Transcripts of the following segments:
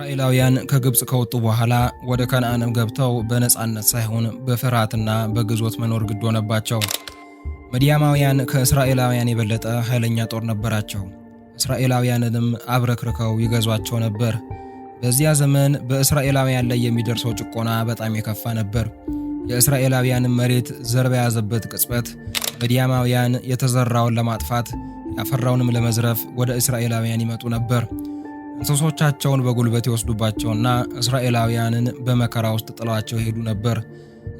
እስራኤላውያን ከግብፅ ከወጡ በኋላ ወደ ከነአንም ገብተው በነፃነት ሳይሆን በፍርሃትና በግዞት መኖር ግድ ሆነባቸው። ምድያማውያን ከእስራኤላውያን የበለጠ ኃይለኛ ጦር ነበራቸው። እስራኤላውያንንም አብረክርከው ይገዟቸው ነበር። በዚያ ዘመን በእስራኤላውያን ላይ የሚደርሰው ጭቆና በጣም የከፋ ነበር። የእስራኤላውያንን መሬት ዘር በያዘበት ቅጽበት ምድያማውያን የተዘራውን ለማጥፋት ያፈራውንም ለመዝረፍ ወደ እስራኤላውያን ይመጡ ነበር። እንስሶቻቸውን በጉልበት የወስዱባቸውና እስራኤላውያንን በመከራ ውስጥ ጥለዋቸው ሄዱ ነበር።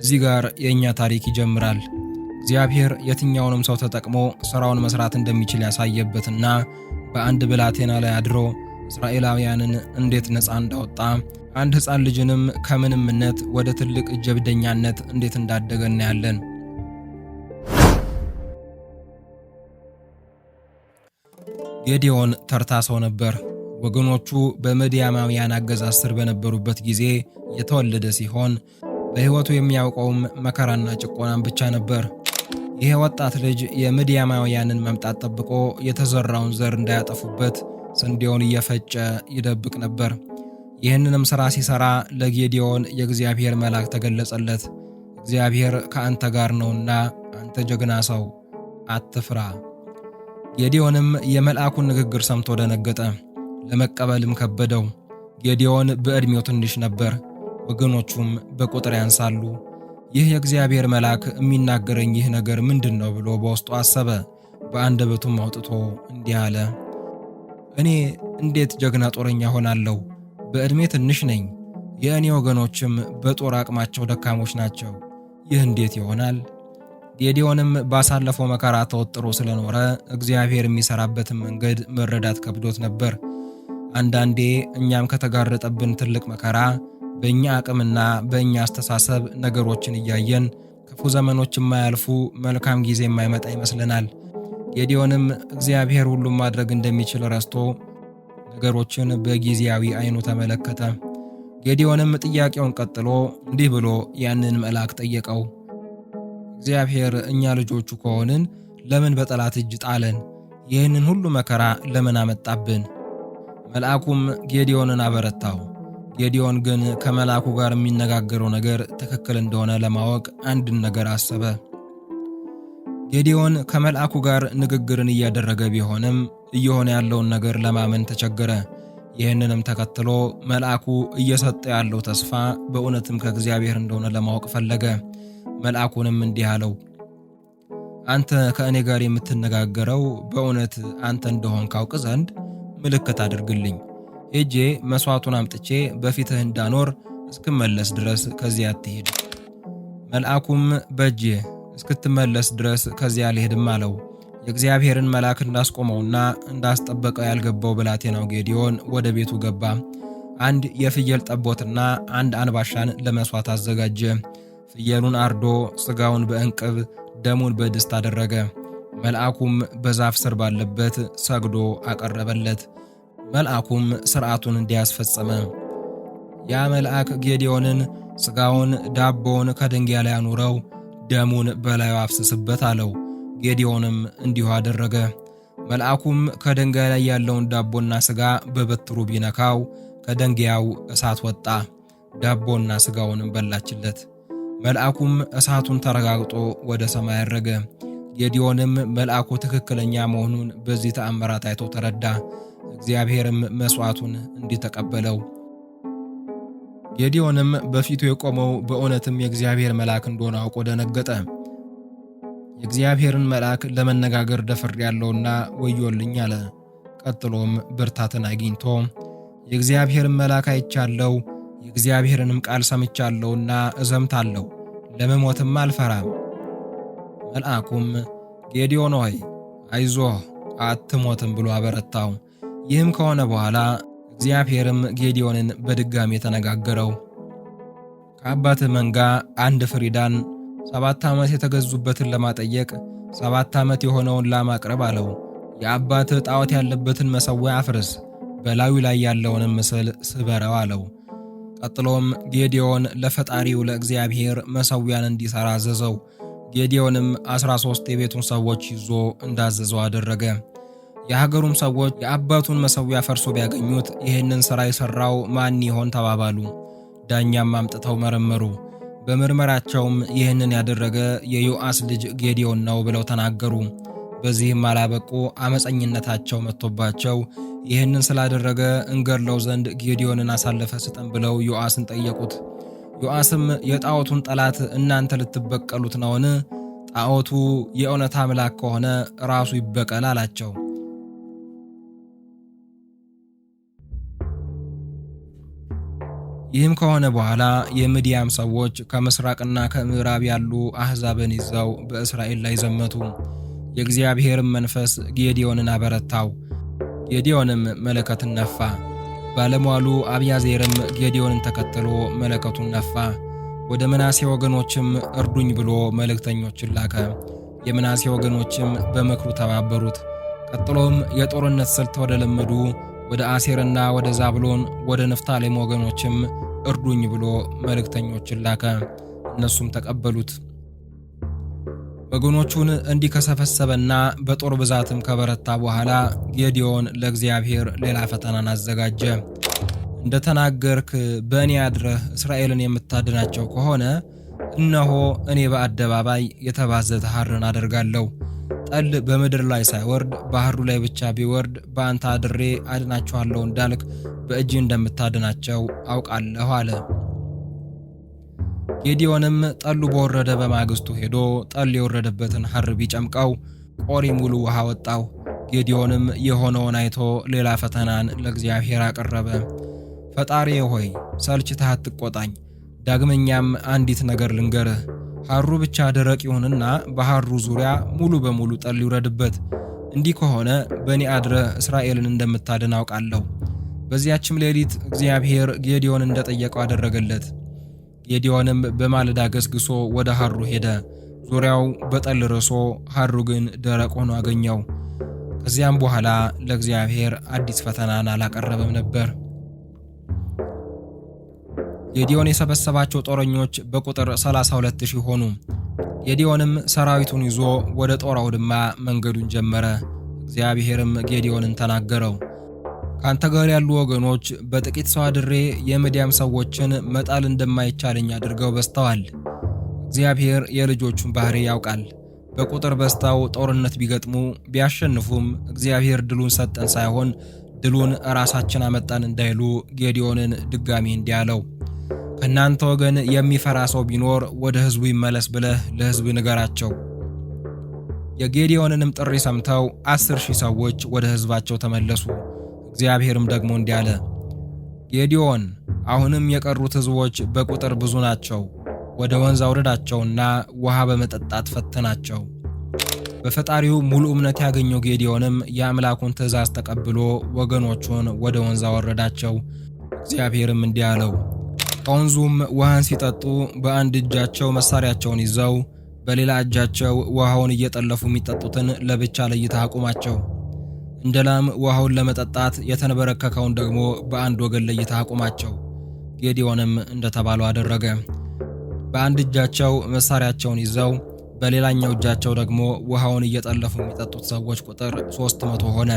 እዚህ ጋር የእኛ ታሪክ ይጀምራል። እግዚአብሔር የትኛውንም ሰው ተጠቅሞ ሥራውን መስራት እንደሚችል ያሳየበትና በአንድ ብላቴና ላይ አድሮ እስራኤላውያንን እንዴት ነፃ እንዳወጣ አንድ ሕፃን ልጅንም ከምንምነት ወደ ትልቅ ጀብደኛነት እንዴት እንዳደገ እናያለን። ጌዲዮን ተርታ ሰው ነበር። ወገኖቹ በምድያማውያን አገዛዝ ስር በነበሩበት ጊዜ የተወለደ ሲሆን በሕይወቱ የሚያውቀውም መከራና ጭቆናን ብቻ ነበር። ይህ ወጣት ልጅ የምድያማውያንን መምጣት ጠብቆ የተዘራውን ዘር እንዳያጠፉበት ስንዴውን እየፈጨ ይደብቅ ነበር። ይህንንም ሥራ ሲሠራ ለጌዲዮን የእግዚአብሔር መልአክ ተገለጸለት። እግዚአብሔር ከአንተ ጋር ነውና አንተ ጀግና ሰው አትፍራ። ጌዲዮንም የመልአኩን ንግግር ሰምቶ ደነገጠ። ለመቀበልም ከበደው። ጌዲዮን በዕድሜው ትንሽ ነበር፣ ወገኖቹም በቁጥር ያንሳሉ። ይህ የእግዚአብሔር መልአክ የሚናገረኝ ይህ ነገር ምንድን ነው ብሎ በውስጡ አሰበ። በአንደበቱም አውጥቶ እንዲህ አለ፣ እኔ እንዴት ጀግና ጦረኛ ሆናለሁ? በዕድሜ ትንሽ ነኝ፣ የእኔ ወገኖችም በጦር አቅማቸው ደካሞች ናቸው። ይህ እንዴት ይሆናል? ጌዲዮንም ባሳለፈው መከራ ተወጥሮ ስለኖረ እግዚአብሔር የሚሠራበትን መንገድ መረዳት ከብዶት ነበር። አንዳንዴ እኛም ከተጋረጠብን ትልቅ መከራ በእኛ አቅምና በእኛ አስተሳሰብ ነገሮችን እያየን ክፉ ዘመኖች የማያልፉ መልካም ጊዜ የማይመጣ ይመስለናል። ጌዲዮንም እግዚአብሔር ሁሉም ማድረግ እንደሚችል ረስቶ ነገሮችን በጊዜያዊ አይኑ ተመለከተ። ጌዲዮንም ጥያቄውን ቀጥሎ እንዲህ ብሎ ያንን መልአክ ጠየቀው። እግዚአብሔር እኛ ልጆቹ ከሆንን ለምን በጠላት እጅ ጣለን? ይህንን ሁሉ መከራ ለምን አመጣብን? መልአኩም ጌዲዮንን አበረታው። ጌዲዮን ግን ከመልአኩ ጋር የሚነጋገረው ነገር ትክክል እንደሆነ ለማወቅ አንድን ነገር አሰበ። ጌዲዮን ከመልአኩ ጋር ንግግርን እያደረገ ቢሆንም እየሆነ ያለውን ነገር ለማመን ተቸገረ። ይህንንም ተከትሎ መልአኩ እየሰጠ ያለው ተስፋ በእውነትም ከእግዚአብሔር እንደሆነ ለማወቅ ፈለገ። መልአኩንም እንዲህ አለው፣ አንተ ከእኔ ጋር የምትነጋገረው በእውነት አንተ እንደሆን ካውቅ ዘንድ ምልክት አድርግልኝ። ሄጄ መሥዋዕቱን አምጥቼ በፊትህ እንዳኖር እስክመለስ ድረስ ከዚያ አትሄድ። መልአኩም በእጄ እስክትመለስ ድረስ ከዚያ አልሄድም አለው። የእግዚአብሔርን መልአክ እንዳስቆመውና እንዳስጠበቀው ያልገባው ብላቴናው ጌዲዮን ወደ ቤቱ ገባ። አንድ የፍየል ጠቦትና አንድ አንባሻን ለመሥዋዕት አዘጋጀ። ፍየሉን አርዶ ሥጋውን በእንቅብ ደሙን በድስት አደረገ። መልአኩም በዛፍ ስር ባለበት ሰግዶ አቀረበለት። መልአኩም ሥርዓቱን እንዲያስፈጸመ ያ መልአክ ጌዴዎንን ሥጋውን ዳቦውን ከድንጋይ ላይ አኑረው ደሙን በላዩ አፍስስበት አለው። ጌዴዎንም እንዲሁ አደረገ። መልአኩም ከድንጋይ ላይ ያለውን ዳቦና ሥጋ በበትሩ ቢነካው ከድንጋያው እሳት ወጣ፣ ዳቦና ሥጋውንም በላችለት። መልአኩም እሳቱን ተረጋግጦ ወደ ሰማይ አረገ። የዲዮንም መልአኩ ትክክለኛ መሆኑን በዚህ ተአምራት አይቶ ተረዳ። እግዚአብሔርም መሥዋዕቱን እንዲተቀበለው የዲዮንም በፊቱ የቆመው በእውነትም የእግዚአብሔር መልአክ እንደሆነ አውቆ ደነገጠ። የእግዚአብሔርን መልአክ ለመነጋገር ደፍር ያለውና ወዮልኝ አለ። ቀጥሎም ብርታትን አግኝቶ የእግዚአብሔርን መልአክ አይቻለው፣ የእግዚአብሔርንም ቃል ሰምቻለውና እዘምታለሁ፣ ለመሞትም አልፈራም መልአኩም ጌዲዮን ሆይ አይዞህ አትሞትም ብሎ አበረታው። ይህም ከሆነ በኋላ እግዚአብሔርም ጌዲዮንን በድጋሚ የተነጋገረው ከአባትህ መንጋ አንድ ፍሪዳን ሰባት ዓመት የተገዙበትን ለማጠየቅ ሰባት ዓመት የሆነውን ላማቅረብ አለው። የአባትህ ጣዖት ያለበትን መሠዊያ አፍርስ፣ በላዩ ላይ ያለውንም ምስል ስበረው አለው። ቀጥሎም ጌዲዮን ለፈጣሪው ለእግዚአብሔር መሠዊያን እንዲሠራ አዘዘው። ጌዲዮንም 13 የቤቱን ሰዎች ይዞ እንዳዘዘው አደረገ። የሀገሩም ሰዎች የአባቱን መሠዊያ ፈርሶ ቢያገኙት ይህንን ሥራ የሠራው ማን ይሆን ተባባሉ። ዳኛም አምጥተው መረመሩ። በምርመራቸውም ይህንን ያደረገ የዮአስ ልጅ ጌዲዮን ነው ብለው ተናገሩ። በዚህም አላበቁ፣ አመፀኝነታቸው መጥቶባቸው ይህንን ስላደረገ እንገድለው ዘንድ ጌዲዮንን አሳልፈ ስጠን ብለው ዮአስን ጠየቁት። ዮአስም የጣዖቱን ጠላት እናንተ ልትበቀሉት ነውን? ጣዖቱ የእውነት አምላክ ከሆነ ራሱ ይበቀል አላቸው። ይህም ከሆነ በኋላ የምድያም ሰዎች ከምስራቅና ከምዕራብ ያሉ አሕዛብን ይዘው በእስራኤል ላይ ዘመቱ። የእግዚአብሔርም መንፈስ ጌዲዮንን አበረታው። ጌዲዮንም መለከትን ነፋ። ባለሟሉ አብያዜርም ጌዲዮንን ተከትሎ መለከቱን ነፋ። ወደ ምናሴ ወገኖችም እርዱኝ ብሎ መልእክተኞችን ላከ። የምናሴ ወገኖችም በምክሩ ተባበሩት። ቀጥሎም የጦርነት ስልት ወደ ለመዱ ወደ አሴርና ወደ ዛብሎን ወደ ንፍታሌም ወገኖችም እርዱኝ ብሎ መልእክተኞችን ላከ። እነሱም ተቀበሉት። ወገኖቹን እንዲህ ከሰፈሰበና በጦር ብዛትም ከበረታ በኋላ ጌዲዮን ለእግዚአብሔር ሌላ ፈተናን አዘጋጀ። እንደተናገርክ በእኔ አድረህ እስራኤልን የምታድናቸው ከሆነ እነሆ እኔ በአደባባይ የተባዘተ ሐርን አደርጋለሁ። ጠል በምድር ላይ ሳይወርድ ባህሩ ላይ ብቻ ቢወርድ በአንተ አድሬ አድናችኋለሁ እንዳልክ በእጅ እንደምታድናቸው አውቃለሁ አለ። ጌዲዮንም ጠሉ በወረደ በማግስቱ ሄዶ ጠል የወረደበትን ሐር ቢጨምቀው ቆሪ ሙሉ ውሃ ወጣው። ጌዲዮንም የሆነውን አይቶ ሌላ ፈተናን ለእግዚአብሔር አቀረበ። ፈጣሪ ሆይ ሰልችተህ አትቆጣኝ፣ ዳግመኛም አንዲት ነገር ልንገርህ። ሐሩ ብቻ ደረቅ ይሁንና በሐሩ ዙሪያ ሙሉ በሙሉ ጠል ይውረድበት። እንዲህ ከሆነ በእኔ አድረህ እስራኤልን እንደምታድን አውቃለሁ። በዚያችም ሌሊት እግዚአብሔር ጌዲዮን እንደጠየቀው አደረገለት። ጌዲዮንም በማለዳ ገስግሶ ወደ ሐሩ ሄደ። ዙሪያው በጠል ርሶ፣ ሐሩ ግን ደረቅ ሆኖ አገኘው። ከዚያም በኋላ ለእግዚአብሔር አዲስ ፈተናን አላቀረበም ነበር። ጌዲዮን የሰበሰባቸው ጦረኞች በቁጥር 32 ሆኑ። ጌዲዮንም ሰራዊቱን ይዞ ወደ ጦር አውድማ መንገዱን ጀመረ። እግዚአብሔርም ጌዲዮንን ተናገረው ካንተ ጋር ያሉ ወገኖች በጥቂት ሰው አድሬ የምድያም ሰዎችን መጣል እንደማይቻለኝ አድርገው በዝተዋል። እግዚአብሔር የልጆቹን ባህሪ ያውቃል። በቁጥር በዝተው ጦርነት ቢገጥሙ ቢያሸንፉም እግዚአብሔር ድሉን ሰጠን ሳይሆን ድሉን ራሳችን አመጣን እንዳይሉ ጌዲዮንን ድጋሚ እንዲህ አለው፣ ከእናንተ ወገን የሚፈራ ሰው ቢኖር ወደ ህዝቡ ይመለስ ብለህ ለህዝብ ንገራቸው። የጌዲዮንንም ጥሪ ሰምተው አስር ሺህ ሰዎች ወደ ህዝባቸው ተመለሱ። እግዚአብሔርም ደግሞ እንዲህ አለ፣ ጌዲዮን አሁንም የቀሩት ሕዝቦች በቁጥር ብዙ ናቸው። ወደ ወንዝ አውርዳቸውና ውሃ በመጠጣት ፈተናቸው። በፈጣሪው ሙሉ እምነት ያገኘው ጌዲዮንም የአምላኩን ትእዛዝ ተቀብሎ ወገኖቹን ወደ ወንዝ አወረዳቸው። እግዚአብሔርም እንዲህ አለው፣ ከወንዙም ውሃን ሲጠጡ በአንድ እጃቸው መሳሪያቸውን ይዘው በሌላ እጃቸው ውሃውን እየጠለፉ የሚጠጡትን ለብቻ ለይተህ አቁማቸው። እንደ ላም ውሃውን ለመጠጣት የተንበረከከውን ደግሞ በአንድ ወገን ለይታ አቁማቸው። ጌዲዮንም እንደተባለው አደረገ። በአንድ እጃቸው መሳሪያቸውን ይዘው በሌላኛው እጃቸው ደግሞ ውሃውን እየጠለፉ የሚጠጡት ሰዎች ቁጥር 300 መቶ ሆነ።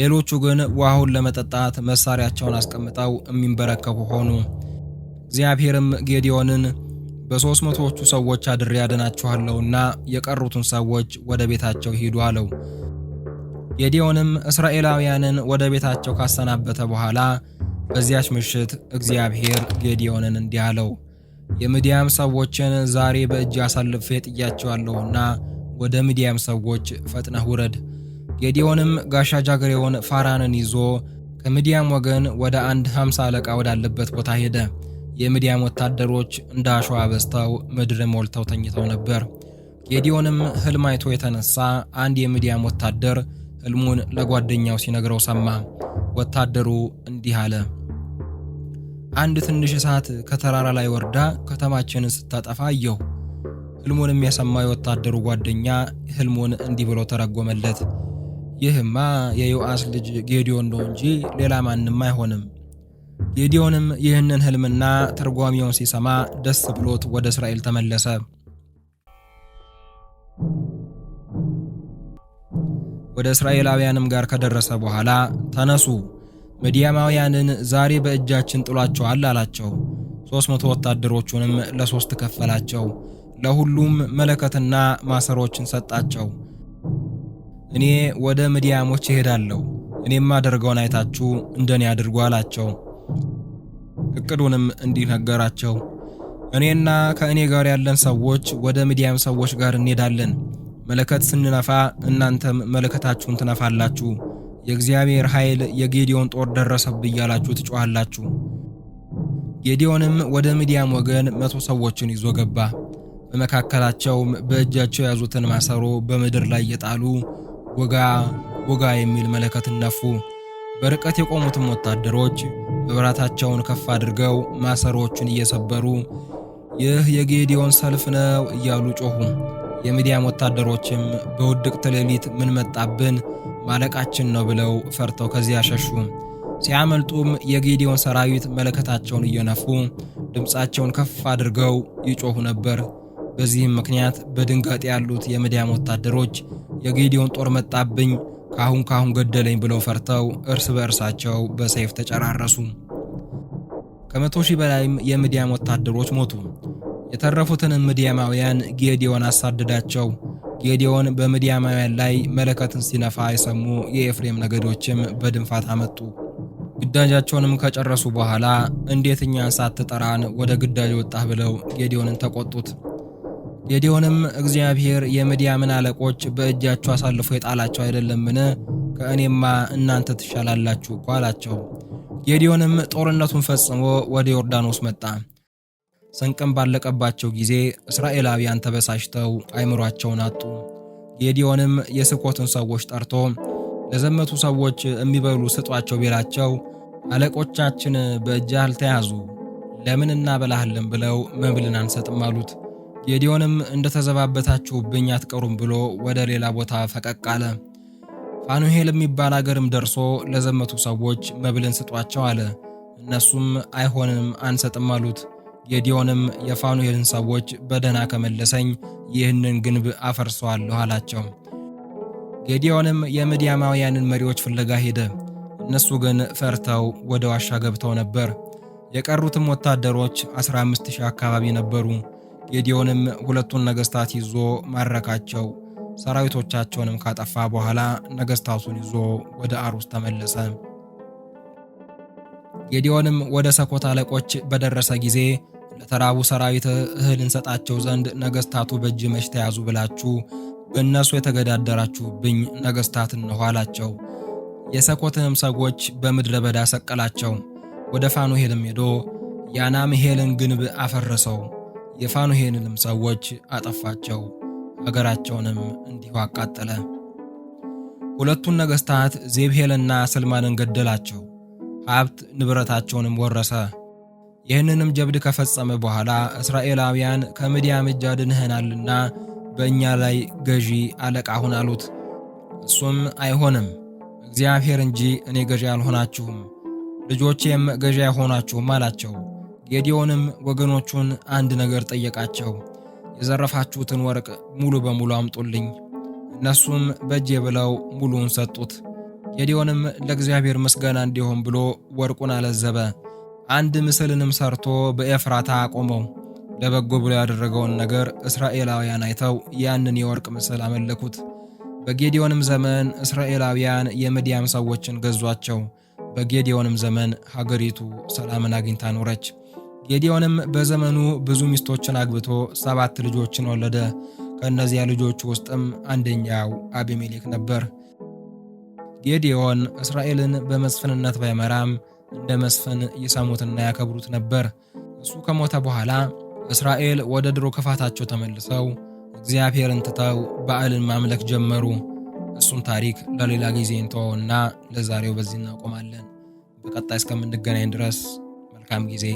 ሌሎቹ ግን ውሃውን ለመጠጣት መሳሪያቸውን አስቀምጠው የሚንበረከኩ ሆኑ። እግዚአብሔርም ጌዲዮንን በሦስት መቶዎቹ ሰዎች አድሬ ያድናችኋለሁና የቀሩትን ሰዎች ወደ ቤታቸው ሂዱ አለው። ጌዲዮንም እስራኤላውያንን ወደ ቤታቸው ካሰናበተ በኋላ በዚያች ምሽት እግዚአብሔር ጌዲዮንን እንዲህ አለው፣ የምድያም ሰዎችን ዛሬ በእጅ አሳልፌ ጥያቸዋለሁና ወደ ምድያም ሰዎች ፈጥነህ ውረድ። ጌዲዮንም ጋሻ ጃግሬውን ፋራንን ይዞ ከምድያም ወገን ወደ አንድ ሃምሳ አለቃ ወዳለበት ቦታ ሄደ። የምድያም ወታደሮች እንደ አሸዋ በዝተው ምድር ሞልተው ተኝተው ነበር። ጌዲዮንም ሕልም አይቶ የተነሳ አንድ የምድያም ወታደር ህልሙን ለጓደኛው ሲነግረው ሰማ። ወታደሩ እንዲህ አለ፣ አንድ ትንሽ እሳት ከተራራ ላይ ወርዳ ከተማችንን ስታጠፋ አየሁ። ሕልሙንም የሰማው የወታደሩ ጓደኛ ህልሙን እንዲህ ብሎ ተረጎመለት፣ ይህማ የዮአስ ልጅ ጌዲዮን ነው እንጂ ሌላ ማንም አይሆንም። ጌዲዮንም ይህንን ህልምና ተርጓሚውን ሲሰማ ደስ ብሎት ወደ እስራኤል ተመለሰ። ወደ እስራኤላውያንም ጋር ከደረሰ በኋላ ተነሱ፣ ምድያማውያንን ዛሬ በእጃችን ጥሏቸዋል አላቸው። ሦስት መቶ ወታደሮቹንም ለሦስት ከፈላቸው፣ ለሁሉም መለከትና ማሰሮችን ሰጣቸው። እኔ ወደ ምድያሞች እሄዳለሁ፣ እኔም አደርገውን አይታችሁ እንደኔ አድርጉ አላቸው። እቅዱንም እንዲህ ነገራቸው። እኔና ከእኔ ጋር ያለን ሰዎች ወደ ምድያም ሰዎች ጋር እንሄዳለን መለከት ስንነፋ እናንተም መለከታችሁን ትነፋላችሁ። የእግዚአብሔር ኃይል የጌዲዮን ጦር ደረሰብ እያላችሁ ትጮኋላችሁ። ጌዲዮንም ወደ ምድያም ወገን መቶ ሰዎችን ይዞ ገባ። በመካከላቸውም በእጃቸው የያዙትን ማሰሮ በምድር ላይ የጣሉ ወጋ ወጋ የሚል መለከት ነፉ። በርቀት የቆሙትም ወታደሮች መብራታቸውን ከፍ አድርገው ማሰሮዎቹን እየሰበሩ ይህ የጌዲዮን ሰልፍ ነው እያሉ ጮኹ። የሚዲያም ወታደሮችም በውድቅት ሌሊት ምን መጣብን ማለቃችን ነው ብለው ፈርተው ከዚያ ሸሹ። ሲያመልጡም የጌዲዮን ሰራዊት መለከታቸውን እየነፉ ድምፃቸውን ከፍ አድርገው ይጮሁ ነበር። በዚህም ምክንያት በድንጋጤ ያሉት የሚዲያም ወታደሮች የጌዲዮን ጦር መጣብኝ፣ ካሁን ካሁን ገደለኝ ብለው ፈርተው እርስ በእርሳቸው በሰይፍ ተጨራረሱ። ከመቶ ሺህ በላይም የሚዲያም ወታደሮች ሞቱ። የተረፉትንም ምድያማውያን ጌዲዮን አሳደዳቸው። ጌዲዮን በምድያማውያን ላይ መለከትን ሲነፋ የሰሙ የኤፍሬም ነገዶችም በድንፋት አመጡ። ግዳጃቸውንም ከጨረሱ በኋላ እንዴት እኛን ሳትጠራን ወደ ግዳጅ ወጣህ ብለው ጌዲዮንን ተቆጡት። ጌዲዮንም እግዚአብሔር የምድያምን አለቆች በእጃቸው አሳልፎ የጣላቸው አይደለምን? ከእኔማ እናንተ ትሻላላችሁ እኮ አላቸው። ጌዲዮንም ጦርነቱን ፈጽሞ ወደ ዮርዳኖስ መጣ። ስንቅም ባለቀባቸው ጊዜ እስራኤላውያን ተበሳጭተው አይምሯቸውን አጡ። ጌዲዮንም የስኮትን ሰዎች ጠርቶ ለዘመቱ ሰዎች የሚበሉ ስጧቸው ቢላቸው አለቆቻችን በእጅህ አልተያዙ ለምን እናበላህልን ብለው መብልን አንሰጥም አሉት። ጌዲዮንም እንደተዘባበታችሁብኝ አትቀሩም ብሎ ወደ ሌላ ቦታ ፈቀቅ አለ። ፋኑሄል የሚባል አገርም ደርሶ ለዘመቱ ሰዎች መብልን ስጧቸው አለ። እነሱም አይሆንም አንሰጥም አሉት። ጌዲዮንም የፋኑኤልን ሰዎች በደህና ከመለሰኝ ይህንን ግንብ አፈርሰዋለሁ አላቸው። ጌዲዮንም የምድያማውያንን መሪዎች ፍለጋ ሄደ። እነሱ ግን ፈርተው ወደ ዋሻ ገብተው ነበር። የቀሩትም ወታደሮች 15000 አካባቢ ነበሩ። ጌዲዮንም ሁለቱን ነገሥታት ይዞ ማረካቸው። ሰራዊቶቻቸውንም ካጠፋ በኋላ ነገሥታቱን ይዞ ወደ አሩስ ተመለሰ። ጌዲዮንም ወደ ሰኮት አለቆች በደረሰ ጊዜ ለተራቡ ሰራዊት እህል እንሰጣቸው ዘንድ ነገስታቱ በእጅ መች ተያዙ ብላችሁ በእነሱ የተገዳደራችሁብኝ ነገስታት እነሆ አላቸው። የሰኮትንም ሰዎች በምድረ በዳ ሰቀላቸው። ወደ ፋኑሄልም ሄዶ የአናምሄልን ግንብ አፈረሰው። የፋኑሄልንም ሰዎች አጠፋቸው። አገራቸውንም እንዲሁ አቃጠለ። ሁለቱን ነገሥታት ዜብሄልና ስልማንን ገደላቸው። ሀብት ንብረታቸውንም ወረሰ። ይህንንም ጀብድ ከፈጸመ በኋላ እስራኤላውያን ከምድያም እጅ አድንኸናልና በእኛ ላይ ገዢ አለቃ ሁን አሉት። እሱም አይሆንም፣ እግዚአብሔር እንጂ እኔ ገዢ አልሆናችሁም፣ ልጆቼም ገዢ አይሆናችሁም አላቸው። ጌዲዮንም ወገኖቹን አንድ ነገር ጠየቃቸው። የዘረፋችሁትን ወርቅ ሙሉ በሙሉ አምጡልኝ። እነሱም በእጄ ብለው ሙሉውን ሰጡት። ጌዲዮንም ለእግዚአብሔር ምስጋና እንዲሆን ብሎ ወርቁን አለዘበ። አንድ ምስልንም ሰርቶ በኤፍራታ አቆመው። ለበጎ ብሎ ያደረገውን ነገር እስራኤላውያን አይተው ያንን የወርቅ ምስል አመለኩት። በጌዲዮንም ዘመን እስራኤላውያን የምድያም ሰዎችን ገዟቸው። በጌዲዮንም ዘመን ሀገሪቱ ሰላምን አግኝታ ኖረች። ጌዲዮንም በዘመኑ ብዙ ሚስቶችን አግብቶ ሰባት ልጆችን ወለደ። ከእነዚያ ልጆች ውስጥም አንደኛው አቢሜሌክ ነበር። ጌዲዮን እስራኤልን በመስፍንነት ባይመራም እንደ መስፈን ይሰሙትና ያከብሩት ነበር። እሱ ከሞተ በኋላ እስራኤል ወደ ድሮ ክፋታቸው ተመልሰው እግዚአብሔርን ትተው በዓልን ማምለክ ጀመሩ። እሱን ታሪክ ለሌላ ጊዜ እንተወውና ለዛሬው በዚህ እናቆማለን። በቀጣይ እስከምንገናኝ ድረስ መልካም ጊዜ